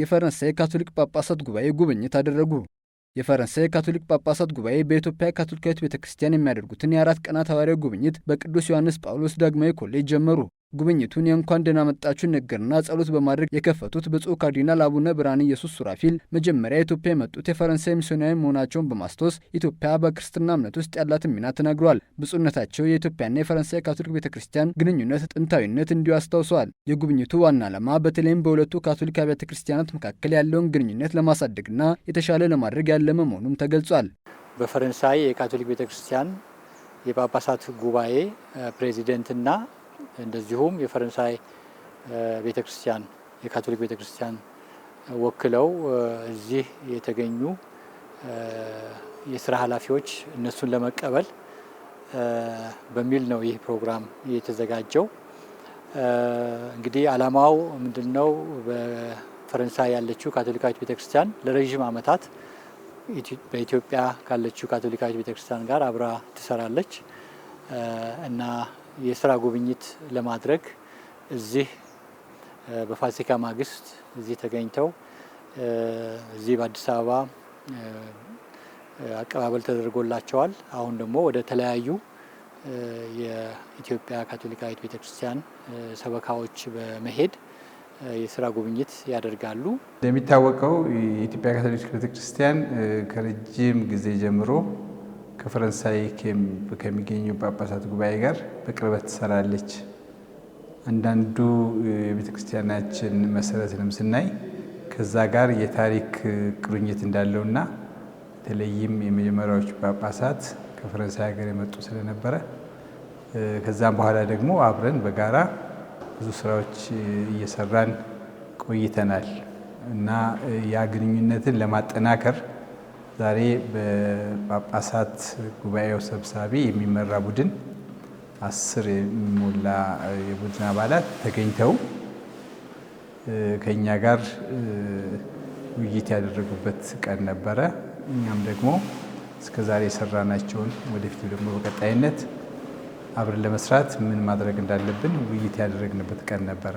የፈረንሳይ ካቶሊክ ጳጳሳት ጉባኤ ጉብኝት አደረጉ። የፈረንሳይ ካቶሊክ ጳጳሳት ጉባኤ በኢትዮጵያ ካቶሊካዊት ቤተ ክርስቲያን የሚያደርጉትን የአራት ቀናት ሐዋርያዊ ጉብኝት በቅዱስ ዮሐንስ ጳውሎስ ዳግማዊ ኮሌጅ ጀመሩ። ጉብኝቱን የእንኳን ደህና መጣችሁ ንግርና ጸሎት በማድረግ የከፈቱት ብፁዕ ካርዲናል አቡነ ብርሃነ ኢየሱስ ሱራፊል መጀመሪያ ኢትዮጵያ የመጡት የፈረንሳይ ሚስዮናዊ መሆናቸውን በማስታወስ ኢትዮጵያ በክርስትና እምነት ውስጥ ያላትን ሚና ተናግረዋል። ብፁዕነታቸው የኢትዮጵያና የፈረንሳይ ካቶሊክ ቤተ ክርስቲያን ግንኙነት ጥንታዊነት እንዲሁ አስታውሰዋል። የጉብኝቱ ዋና ዓላማ በተለይም በሁለቱ ካቶሊክ አብያተ ክርስቲያናት መካከል ያለውን ግንኙነት ለማሳደግና የተሻለ ለማድረግ ያለመ መሆኑም ተገልጿል። በፈረንሳይ የካቶሊክ ቤተ ክርስቲያን የጳጳሳት ጉባኤ ፕሬዚደንትና እንደዚሁም የፈረንሳይ ቤተክርስቲያን የካቶሊክ ቤተክርስቲያን ወክለው እዚህ የተገኙ የስራ ኃላፊዎች እነሱን ለመቀበል በሚል ነው ይህ ፕሮግራም የተዘጋጀው። እንግዲህ አላማው ምንድን ነው? በፈረንሳይ ያለችው ካቶሊካዊት ቤተክርስቲያን ለረዥም ዓመታት በኢትዮጵያ ካለችው ካቶሊካዊት ቤተክርስቲያን ጋር አብራ ትሰራለች እና የስራ ጉብኝት ለማድረግ እዚህ በፋሲካ ማግስት እዚህ ተገኝተው እዚህ በአዲስ አበባ አቀባበል ተደርጎላቸዋል። አሁን ደግሞ ወደ ተለያዩ የኢትዮጵያ ካቶሊካዊት ቤተክርስቲያን ሰበካዎች በመሄድ የስራ ጉብኝት ያደርጋሉ። እንደሚታወቀው የኢትዮጵያ ካቶሊክ ቤተክርስቲያን ከረጅም ጊዜ ጀምሮ ከፈረንሳይ ከሚገኙ ጳጳሳት ጉባኤ ጋር በቅርበት ትሰራለች። አንዳንዱ የቤተ ክርስቲያናችን መሰረትንም ስናይ ከዛ ጋር የታሪክ ቁርኝት እንዳለውና በተለይም የመጀመሪያዎች ጳጳሳት ከፈረንሳይ ሀገር የመጡ ስለነበረ ከዛም በኋላ ደግሞ አብረን በጋራ ብዙ ስራዎች እየሰራን ቆይተናል እና ያ ግንኙነትን ለማጠናከር ዛሬ በጳጳሳት ጉባኤው ሰብሳቢ የሚመራ ቡድን አስር የሚሞላ የቡድን አባላት ተገኝተው ከእኛ ጋር ውይይት ያደረጉበት ቀን ነበረ። እኛም ደግሞ እስከዛሬ የሰራናቸውን ወደፊት ደግሞ በቀጣይነት አብረን ለመስራት ምን ማድረግ እንዳለብን ውይይት ያደረግንበት ቀን ነበረ።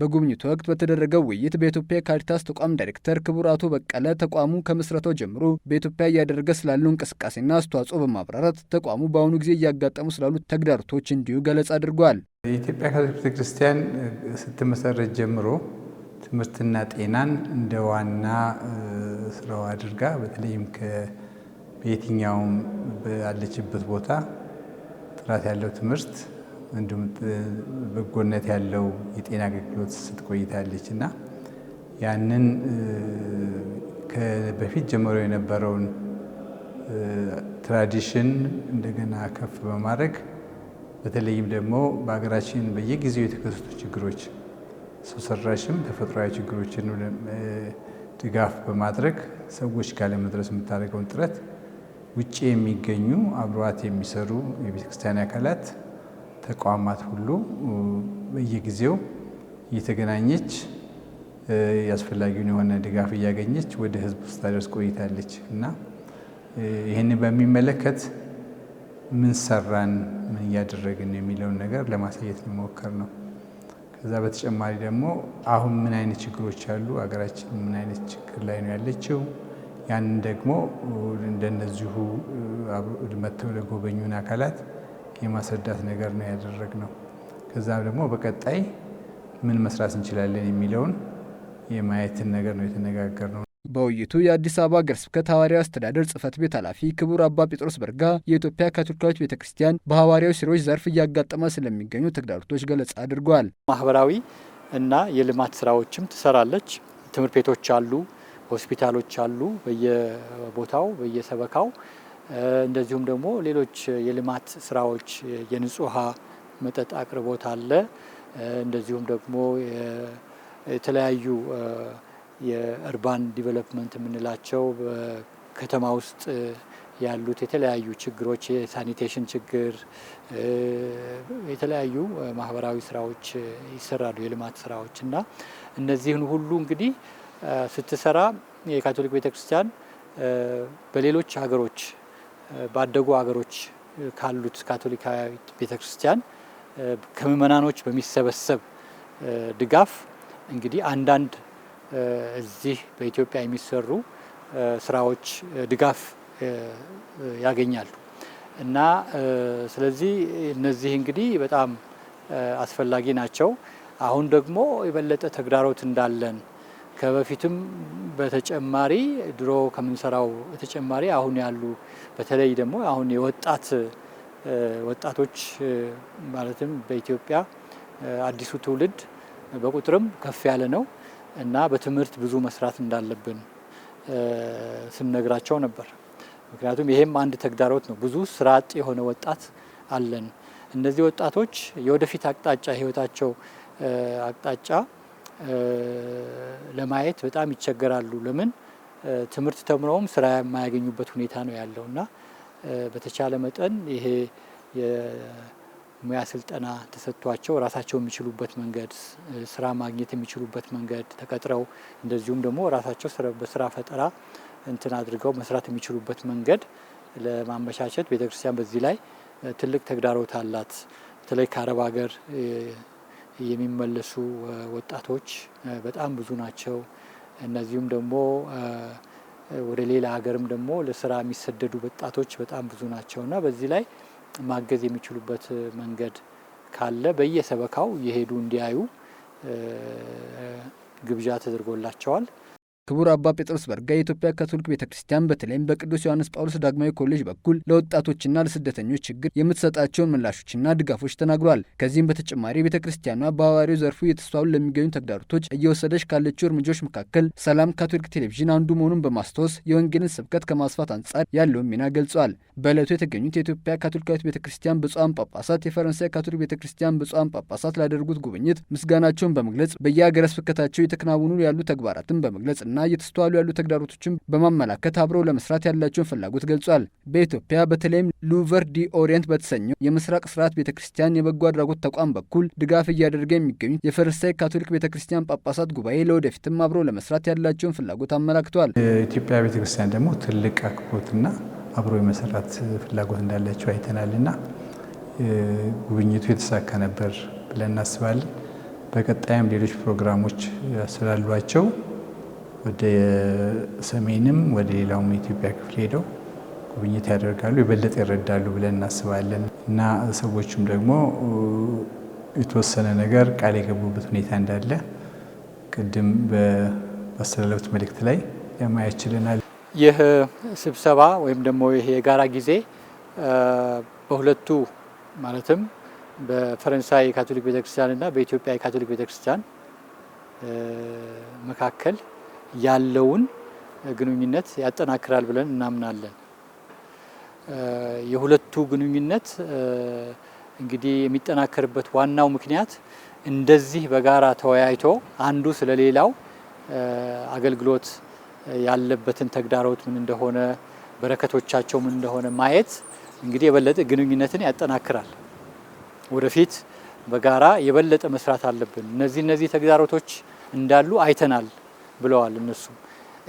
በጉብኝቱ ወቅት በተደረገው ውይይት በኢትዮጵያ ካሪታስ ተቋም ዳይሬክተር ክቡር አቶ በቀለ ተቋሙ ከመስረተው ጀምሮ በኢትዮጵያ እያደረገ ስላለው እንቅስቃሴና አስተዋጽኦ በማብራራት ተቋሙ በአሁኑ ጊዜ እያጋጠሙ ስላሉ ተግዳሮቶች እንዲሁ ገለጻ አድርጓል። የኢትዮጵያ ካቶሊክ ቤተክርስቲያን ስትመሰረት ጀምሮ ትምህርትና ጤናን እንደ ዋና ስራው አድርጋ በተለይም በየትኛውም ባለችበት ቦታ ጥራት ያለው ትምህርት እንዲሁም በጎነት ያለው የጤና አገልግሎት ስትቆይታለች እና ያንን በፊት ጀምሮ የነበረውን ትራዲሽን እንደገና ከፍ በማድረግ በተለይም ደግሞ በሀገራችን በየጊዜው የተከሰቱ ችግሮች ሰው ሰራሽም ተፈጥሯዊ ችግሮችን ድጋፍ በማድረግ ሰዎች ጋር ለመድረስ የምታደርገውን ጥረት ውጭ የሚገኙ አብሯት የሚሰሩ የቤተክርስቲያን አካላት ተቋማት ሁሉ በየጊዜው እየተገናኘች አስፈላጊውን የሆነ ድጋፍ እያገኘች ወደ ህዝብ ስታደርስ ቆይታለች እና ይህንን በሚመለከት ምን ሰራን፣ ምን እያደረግን የሚለውን ነገር ለማሳየት ሊሞከር ነው። ከዛ በተጨማሪ ደግሞ አሁን ምን አይነት ችግሮች አሉ፣ ሀገራችን ምን አይነት ችግር ላይ ነው ያለችው፣ ያንን ደግሞ እንደነዚሁ መጥተው ለጎበኙን አካላት የማስረዳት ነገር ነው ያደረግነው። ከዛም ደግሞ በቀጣይ ምን መስራት እንችላለን የሚለውን የማየትን ነገር ነው የተነጋገርነው። በውይይቱ የአዲስ አበባ ሀገረ ስብከት ሐዋርያዊ አስተዳደር ጽህፈት ቤት ኃላፊ ክቡር አባ ጴጥሮስ በርጋ የኢትዮጵያ ካቶሊካዊት ቤተ ክርስቲያን በሐዋርያዊ ስራዎች ዘርፍ እያጋጠመ ስለሚገኙ ተግዳሮቶች ገለጻ አድርጓል። ማህበራዊ እና የልማት ስራዎችም ትሰራለች። ትምህርት ቤቶች አሉ፣ ሆስፒታሎች አሉ፣ በየቦታው በየሰበካው እንደዚሁም ደግሞ ሌሎች የልማት ስራዎች የንጹህ ውሃ መጠጥ አቅርቦት አለ። እንደዚሁም ደግሞ የተለያዩ የእርባን ዲቨሎፕመንት የምንላቸው በከተማ ውስጥ ያሉት የተለያዩ ችግሮች የሳኒቴሽን ችግር፣ የተለያዩ ማህበራዊ ስራዎች ይሰራሉ፣ የልማት ስራዎች እና እነዚህን ሁሉ እንግዲህ ስትሰራ የካቶሊክ ቤተክርስቲያን በሌሎች ሀገሮች ባደጉ ሀገሮች ካሉት ካቶሊካዊት ቤተ ክርስቲያን ከምእመናኖች በሚሰበሰብ ድጋፍ እንግዲህ አንዳንድ እዚህ በኢትዮጵያ የሚሰሩ ስራዎች ድጋፍ ያገኛሉ እና ስለዚህ እነዚህ እንግዲህ በጣም አስፈላጊ ናቸው። አሁን ደግሞ የበለጠ ተግዳሮት እንዳለን ከበፊትም በተጨማሪ ድሮ ከምንሰራው በተጨማሪ አሁን ያሉ በተለይ ደግሞ አሁን የወጣት ወጣቶች ማለትም በኢትዮጵያ አዲሱ ትውልድ በቁጥርም ከፍ ያለ ነው እና በትምህርት ብዙ መስራት እንዳለብን ስንነግራቸው ነበር። ምክንያቱም ይሄም አንድ ተግዳሮት ነው። ብዙ ስራ አጥ የሆነ ወጣት አለን። እነዚህ ወጣቶች የወደፊት አቅጣጫ የህይወታቸው አቅጣጫ ለማየት በጣም ይቸገራሉ። ለምን ትምህርት ተምረውም ስራ የማያገኙበት ሁኔታ ነው ያለው እና በተቻለ መጠን ይሄ የሙያ ስልጠና ተሰጥቷቸው ራሳቸው የሚችሉበት መንገድ፣ ስራ ማግኘት የሚችሉበት መንገድ ተቀጥረው እንደዚሁም ደግሞ ራሳቸው በስራ ፈጠራ እንትን አድርገው መስራት የሚችሉበት መንገድ ለማመቻቸት ቤተክርስቲያን በዚህ ላይ ትልቅ ተግዳሮት አላት። በተለይ ከአረብ ሀገር የሚመለሱ ወጣቶች በጣም ብዙ ናቸው። እነዚሁም ደግሞ ወደ ሌላ ሀገርም ደግሞ ለስራ የሚሰደዱ ወጣቶች በጣም ብዙ ናቸውና በዚህ ላይ ማገዝ የሚችሉበት መንገድ ካለ በየሰበካው እየሄዱ እንዲያዩ ግብዣ ተደርጎላቸዋል። ክቡር አባ ጴጥሮስ በርጋ የኢትዮጵያ ካቶሊክ ቤተ ክርስቲያን በተለይም በቅዱስ ዮሐንስ ጳውሎስ ዳግማዊ ኮሌጅ በኩል ለወጣቶችና ለስደተኞች ችግር የምትሰጣቸውን ምላሾችና ድጋፎች ተናግሯል። ከዚህም በተጨማሪ ቤተ ክርስቲያኗ በሐዋርያው ዘርፉ የተስተዋሉ ለሚገኙ ተግዳሮቶች እየወሰደች ካለችው እርምጃዎች መካከል ሰላም ካቶሊክ ቴሌቪዥን አንዱ መሆኑን በማስታወስ የወንጌልን ስብከት ከማስፋት አንጻር ያለውን ሚና ገልጿል። በዕለቱ የተገኙት የኢትዮጵያ ካቶሊካዊት ቤተ ክርስቲያን ብፁዓን ጳጳሳት፣ የፈረንሳይ ካቶሊክ ቤተ ክርስቲያን ብፁዓን ጳጳሳት ላደረጉት ጉብኝት ምስጋናቸውን በመግለጽ በየሀገረ ስብከታቸው የተከናወኑ ያሉ ተግባራትን በመግለጽ እና እየተስተዋሉ ያሉ ተግዳሮቶችን በማመላከት አብረው ለመስራት ያላቸውን ፍላጎት ገልጿል። በኢትዮጵያ በተለይም ሉቨር ዲ ኦሪየንት በተሰኘው የምስራቅ ስርዓት ቤተ ክርስቲያን የበጎ አድራጎት ተቋም በኩል ድጋፍ እያደረገ የሚገኙት የፈረንሳይ ካቶሊክ ቤተ ክርስቲያን ጳጳሳት ጉባኤ ለወደፊትም አብረው ለመስራት ያላቸውን ፍላጎት አመላክተዋል። የኢትዮጵያ ቤተ ክርስቲያን ደግሞ ትልቅ አክቦትና አብሮ የመሰራት ፍላጎት እንዳላቸው አይተናልና ጉብኝቱ የተሳካ ነበር ብለን እናስባለን። በቀጣይም ሌሎች ፕሮግራሞች ስላሏቸው ወደ ሰሜንም ወደ ሌላውም የኢትዮጵያ ክፍል ሄደው ጉብኝት ያደርጋሉ፣ የበለጠ ይረዳሉ ብለን እናስባለን እና ሰዎቹም ደግሞ የተወሰነ ነገር ቃል የገቡበት ሁኔታ እንዳለ ቅድም ባስተላለፉት መልእክት ላይ ለማየት ችለናል። ይህ ስብሰባ ወይም ደግሞ ይህ የጋራ ጊዜ በሁለቱ ማለትም በፈረንሳይ የካቶሊክ ቤተክርስቲያን እና በኢትዮጵያ የካቶሊክ ቤተክርስቲያን መካከል ያለውን ግንኙነት ያጠናክራል ብለን እናምናለን። የሁለቱ ግንኙነት እንግዲህ የሚጠናከርበት ዋናው ምክንያት እንደዚህ በጋራ ተወያይቶ አንዱ ስለሌላው አገልግሎት ያለበትን ተግዳሮት ምን እንደሆነ በረከቶቻቸው ምን እንደሆነ ማየት እንግዲህ የበለጠ ግንኙነትን ያጠናክራል። ወደፊት በጋራ የበለጠ መስራት አለብን። እነዚህ እነዚህ ተግዳሮቶች እንዳሉ አይተናል። ብለዋል እነሱ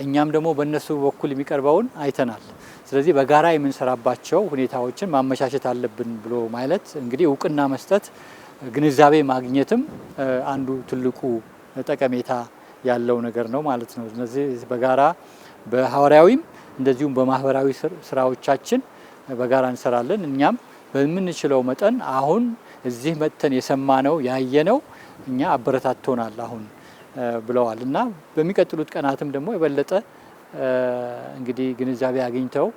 እኛም ደግሞ በእነሱ በኩል የሚቀርበውን አይተናል። ስለዚህ በጋራ የምንሰራባቸው ሁኔታዎችን ማመቻቸት አለብን ብሎ ማለት እንግዲህ እውቅና መስጠት፣ ግንዛቤ ማግኘትም አንዱ ትልቁ ጠቀሜታ ያለው ነገር ነው ማለት ነው። ስለዚህ በጋራ በሐዋርያዊም እንደዚሁም በማህበራዊ ስራዎቻችን በጋራ እንሰራለን። እኛም በምንችለው መጠን አሁን እዚህ መጥተን የሰማነው ያየነው እኛ አበረታቶናል አሁን ብለዋል እና በሚቀጥሉት ቀናትም ደግሞ የበለጠ እንግዲህ ግንዛቤ አግኝተው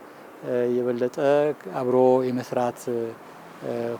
የበለጠ አብሮ የመስራት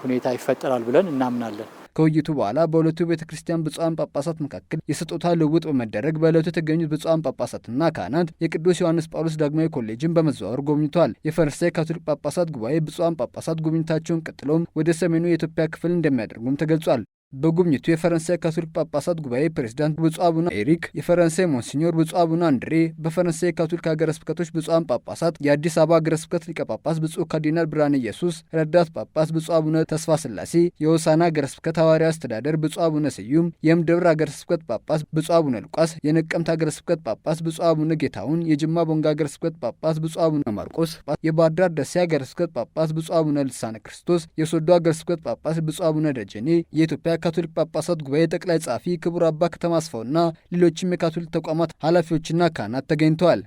ሁኔታ ይፈጠራል ብለን እናምናለን። ከውይይቱ በኋላ በሁለቱ ቤተ ክርስቲያን ብፁዓን ጳጳሳት መካከል የስጦታ ልውውጥ በመደረግ በዕለቱ የተገኙት ብፁዓን ጳጳሳትና ካህናት የቅዱስ ዮሐንስ ጳውሎስ ዳግማዊ ኮሌጅን በመዘዋወር ጎብኝተዋል። የፈረንሳይ ካቶሊክ ጳጳሳት ጉባኤ ብፁዓን ጳጳሳት ጉብኝታቸውን ቀጥለውም ወደ ሰሜኑ የኢትዮጵያ ክፍል እንደሚያደርጉም ተገልጿል። በጉብኝቱ የፈረንሳይ ካቶሊክ ጳጳሳት ጉባኤ ፕሬዝዳንት ብፁ አቡነ ኤሪክ፣ የፈረንሳይ ሞንሲኞር ብፁ አቡነ አንድሬ፣ በፈረንሳይ ካቶሊክ ሀገረ ስብከቶች ብፁዓን ጳጳሳት፣ የአዲስ አበባ ሀገረ ስብከት ሊቀ ጳጳስ ብፁ ካርዲናል ብርሃነ ኢየሱስ፣ ረዳት ጳጳስ ብፁ አቡነ ተስፋ ስላሴ፣ የወሳና ሀገረ ስብከት ሐዋርያዊ አስተዳደር ብፁ አቡነ ስዩም፣ የምደብር ሀገረ ስብከት ጳጳስ ብፁ አቡነ ሉቃስ፣ የነቀምት ሀገረ ስብከት ጳጳስ ብፁ አቡነ ጌታሁን፣ የጅማ ቦንጋ ሀገረ ስብከት ጳጳስ ብፁ አቡነ ማርቆስ፣ የባህርዳር ደሴ ሀገረ ስብከት ጳጳስ ብፁ አቡነ ልሳነ ክርስቶስ፣ የሶዶ ሀገረ ስብከት ጳጳስ ብፁ አቡነ ደጀኔ፣ የኢትዮጵያ ካቶሊክ ጳጳሳት ጉባኤ ጠቅላይ ጸሐፊ ክቡር አባ ከተማ አስፋውና ሌሎችም የካቶሊክ ተቋማት ኃላፊዎችና ካህናት ተገኝተዋል።